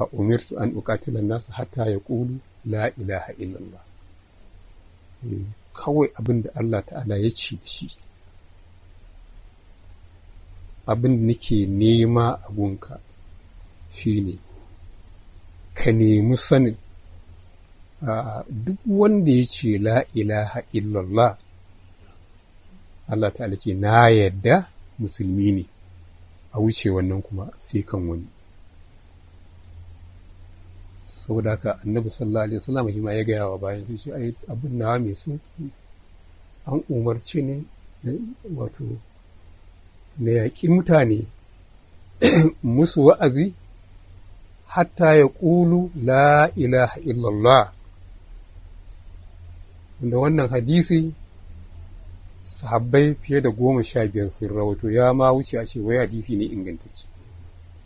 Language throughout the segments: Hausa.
a umirtu an uqatila nasu hatta ya ƙulu la ilaha illallah eh, kawai abin da Allah ta'ala ya ce da shi abin da nake nema a gunka ne ka nemi sanin ah, duk wanda ya ce la ilaha illallah Allah ta'ala ce na yadda musulmi ne a wuce wannan kuma sai kan wani saboda haka annabi sallallahu alaihi wasallam shi ma ya gaya wa bayan su ce ai abun nawa mai su. an umarci ne wato na yaƙi mutane musu wa'azi hatta ya ƙulu la ilaha illallah wanda wannan hadisi sahabbai fiye da goma sha biyar sun rawato ya ma wuce a ce wai hadisi ne ingantacce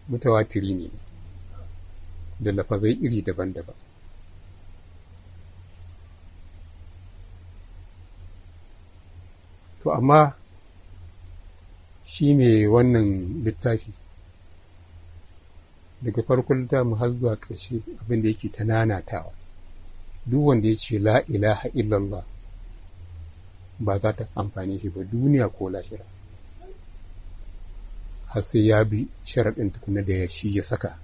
mutawatiri ne da lafazai iri daban-daban to amma shi ne wannan littafi daga farkon mu har zuwa ƙarshe abinda yake ta nanatawa duk wanda ya ce la ilaha illallah ba za ta amfani shi ba duniya ko lahira har sai ya bi sharaɗin tukuna da shi ya saka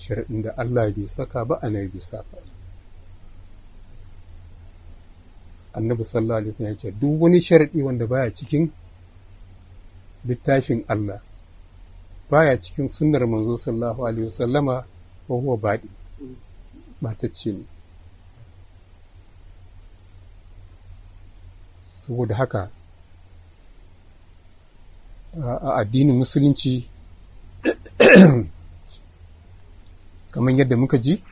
sharaɗin da Allah bai saka ba a bai saka annabi sallallahu alaihi wasallam ya ce duk wani sharaɗi wanda baya cikin littafin Allah baya cikin sunnar manzo sallallahu alaihi wasallama wa huwa baɗi batacce ne saboda haka a addinin musulunci kamar yadda muka ji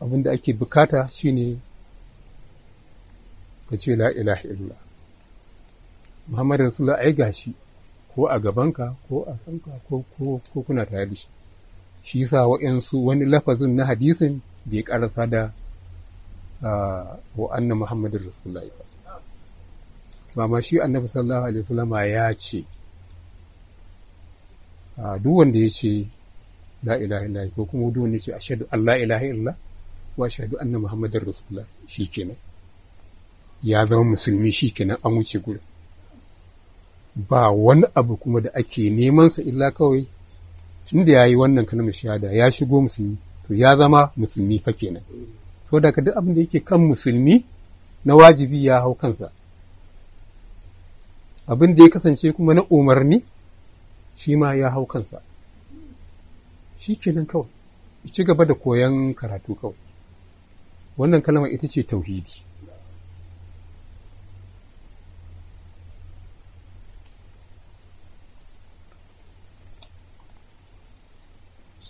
abin da ake bukata shine ka ce la ilaha illallah muhammad rasulullah ai gashi ko a gabanka ko a kanka ko ko kuna tare da shi shi yasa wa'ansu wani lafazin na hadisin bai karasa da wa annan muhammadur rasulullah ba amma shi annabi sallallahu alaihi wasallam ya ce duk wanda ya ce la ilaha illallah ko kuma wudu ne ce ashhadu an allah wa ashhadu anna muhammadar rasulullah shikenan ya zama musulmi shikenan an wuce guda ba wani abu kuma da ake neman sa illa kawai tun da yi wannan kalmar shada ya shigo musulmi to ya zama musulmi fa kenan saboda ka duk abin da yake kan musulmi na wajibi ya hau kansa abin da ya kasance kuma na umarni shi ma ya hau kansa shi kenan kawai ci gaba da koyon karatu kawai wannan kalmar ita ce tauhidi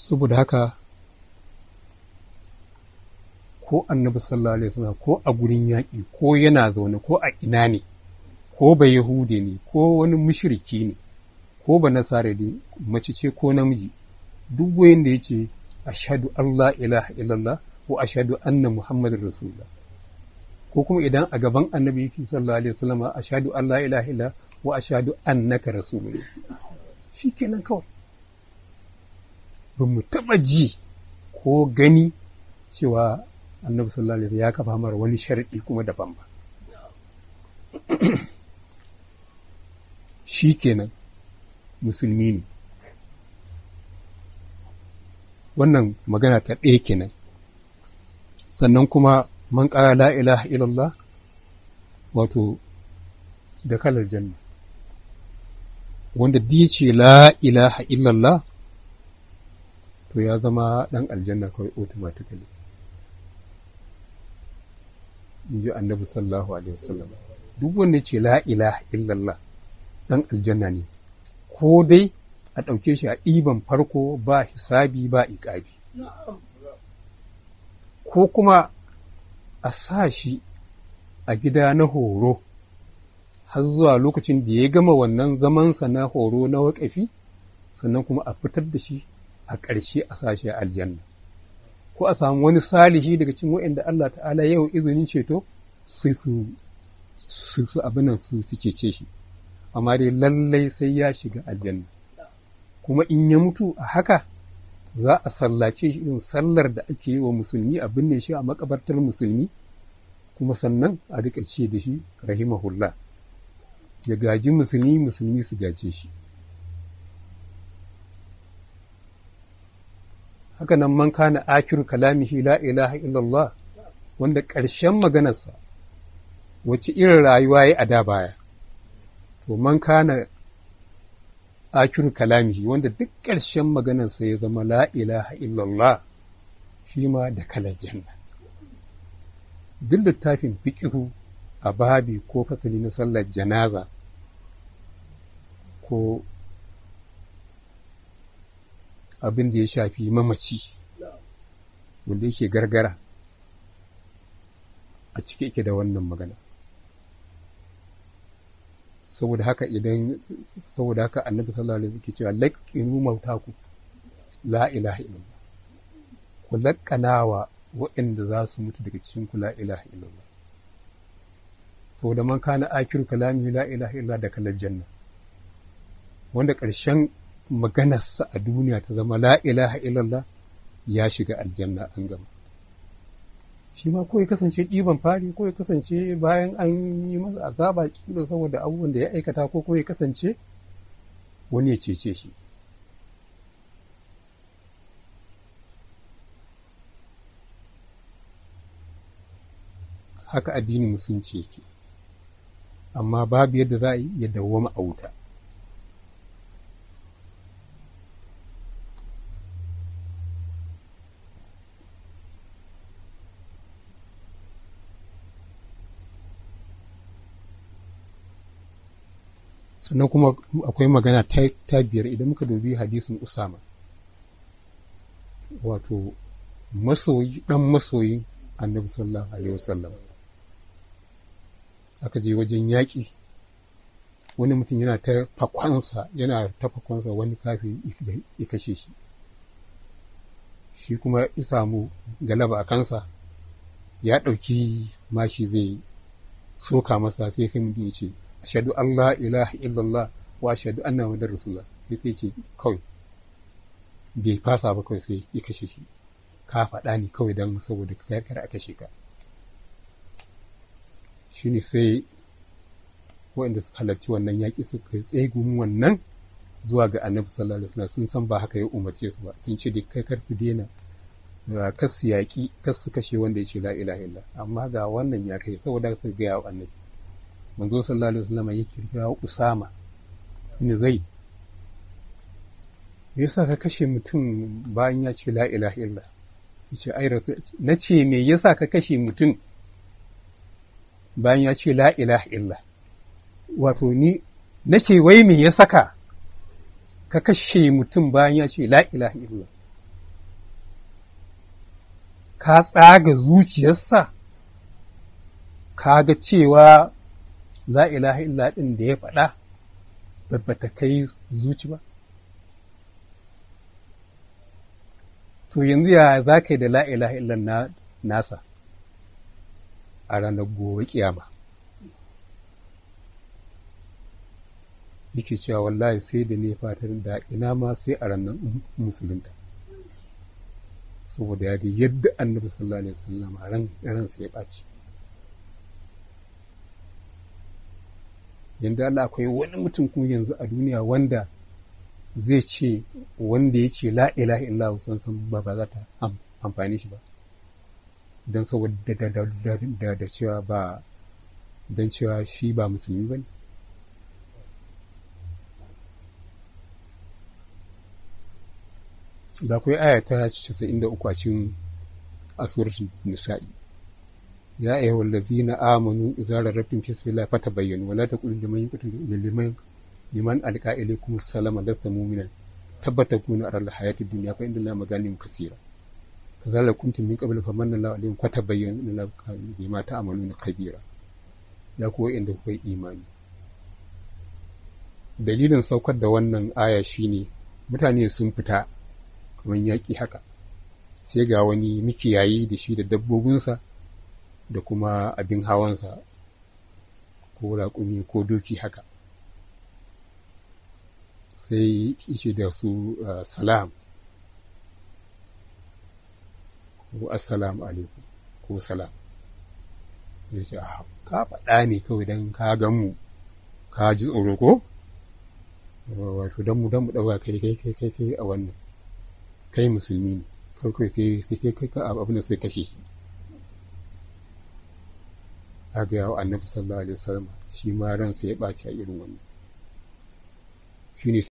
saboda haka ko annabi sallallahu alaihi wasallam ko a gurin yaƙi ko yana zaune ko a ina ne ko ba yahude ne ko wani mushriki ne ko ba nasare ne mace ce ko namiji duk wayan da a ashhadu Allah ilaha illallah wa ashhadu anna Muhammadu rasulullah ko kuma idan a gaban annabi fi sallallahu alaihi wasallam ashhadu Allah ilaha illallah wa ashhadu annaka rasulullah kenan kawai ba mu taɓa ji ko gani cewa annabi sallallahu alaihi ya kafa mara wani sharadi kuma daban ba kenan musulmi ne wannan magana ta ɗaya kenan sannan kuma man ƙara la ilaha illallah wato da kalar janna wanda di ce la ilaha illallah to ya zama ɗan aljanna kawai automatically in ji annabi sallahu alaihi wasallam duk wanda ce la ilaha illallah ɗan aljanna ne ko dai a ɗauke shi a ɗiban farko ba hisabi ba iƙabi ko kuma a sa shi a gida na horo har zuwa lokacin da ya gama wannan zamansa na horo na waƙafi sannan kuma a fitar da shi a ƙarshe a shi a aljanna ko a samu wani salihi daga cikin waɗanda Allah ta'ala yau izinin ceto su su abinan su cece shi amma dai lallai sai ya shiga aljanna kuma in ya mutu a haka za a sallace shi irin sallar da ake yi wa musulmi a binne shi a makabartar musulmi kuma sannan a rika ce da shi rahimahullah ya gaji musulmi musulmi su gace shi haka nan man kana akir kalamihi la ilaha illallah wanda ƙarshen maganarsa wacce irin rayuwa ya a da baya to man kana akiru kalamihi wanda duk ƙarshen maganarsa ya zama la ilaha illallah shi ma da kalar janna duk littafin fikihu a babi ko fasali na sallar janaza ko abin da ya shafi mamaci wanda yake gargara a cike yake da wannan magana saboda haka idan saboda haka annabi sallallahu alaihi wasallam cewa laqinu mautaku la ilaha illallah ku laqqanawa waɗanda za su mutu daga cikin ku la ilaha illallah saboda man kana akir kalami la ilaha illallah da kallar janna wanda ƙarshen maganarsa a duniya ta zama la ilaha illallah ya shiga aljanna an gama shi ma ko ya kasance ɗiban fari ko ya kasance bayan an yi masa azaba kila saboda abubuwan da ya aikata ko ko ya kasance wani ya cece shi haka addini musulunci yake amma babu yadda za a yi ya dawwama a wuta sannan kuma akwai magana ta biyar idan muka dubi hadisin usama wato masoyi dan masoyi annabi sallallahu alaihi wasallam aka je wajen yaƙi wani mutum yana ta fakwansa yana ta fakwansa wani kafi ya kashe shi shi kuma ya samu galaba a kansa ya ɗauki mashi zai soka masa sai kai mutum ya ce ashadu Allah ilaha illallah wa ashadu anna muhammadar rasulullah sai sai ce kawai bai fasa ba kawai sai ya kashe shi ka faɗa ni kawai don saboda kar a kashe ka ne sai waɗanda su halarci wannan yaƙi suka tsaye wannan zuwa ga annabi sallallahu alaihi wasallam sun san ba haka ya umarce su ba sun ce dai kar su daina ah, kar su yaƙi kar kashe wanda ya ce la ilaha amma ga wannan ya kai saboda ka ga wa annabi manzo sallallahu alaihi wasallam ya kirkira usama in zai. me yasa ka kashe mutum bayan ya ce la ilaha illa yace ai na ce me yasa ka kashe mutum bayan ya ce la ilaha illa wato ni na ce wai me ya saka ka kashe mutum bayan ya ce la ilaha illa ka tsaga zuciyarsa ka ga cewa la ilaha illa ɗin da ya faɗa babbata kai zuci ba to yanzu ya za ka yi da la ilaha nasa a ranar gobe kiyama yake cewa wallahi sai da ne fatar da ina ma sai a ranar musulunta saboda ya yadda annabi sallallahu alaihi wasallam ran ransa ya ɓaci yanzu Allah akwai wani mutum kuma yanzu a duniya wanda zai ce wanda ya ce la ilaha illallah san san ba ba za ta amfani shi ba don saboda da da cewa ba don cewa shi ba musulmi ba ne da akwai aya ta 93 a cikin asurar nisa'i ya ayyuha allazina amanu idza rarabtum fi sabilillahi fatabayyanu wala taqulu liman yuqtalu liman liman alqa ilaykum salama lasta mu'minan tabbata kuna aral hayati dunya fa inda la maganim kaseera kazalika kuntum min qabl famanna Allahu alaykum fatabayyanu inna Allaha bima ta'maluna kabira ya kuwa inda kuka yi imani dalilin saukar da wannan aya shine mutane sun fita kamar yaƙi haka sai ga wani mikiyayi da shi da dabbobinsa da kuma abin hawansa ko raƙumi ko doki haka sai ishe da su ah, salam ko assalamu alaikum ko salam ya ce a ah, ka faɗa ne kawai don ka gan mu ka ji tsoro ko wato don mu don mu ɗauka kai kai kai kai a wannan kai musulmi ne farko sai kai kai abin da sai kashe shi a gaya wa annabi sallallahu alaihi wasallam shi ma ransa ya ɓaci a irin wannan ne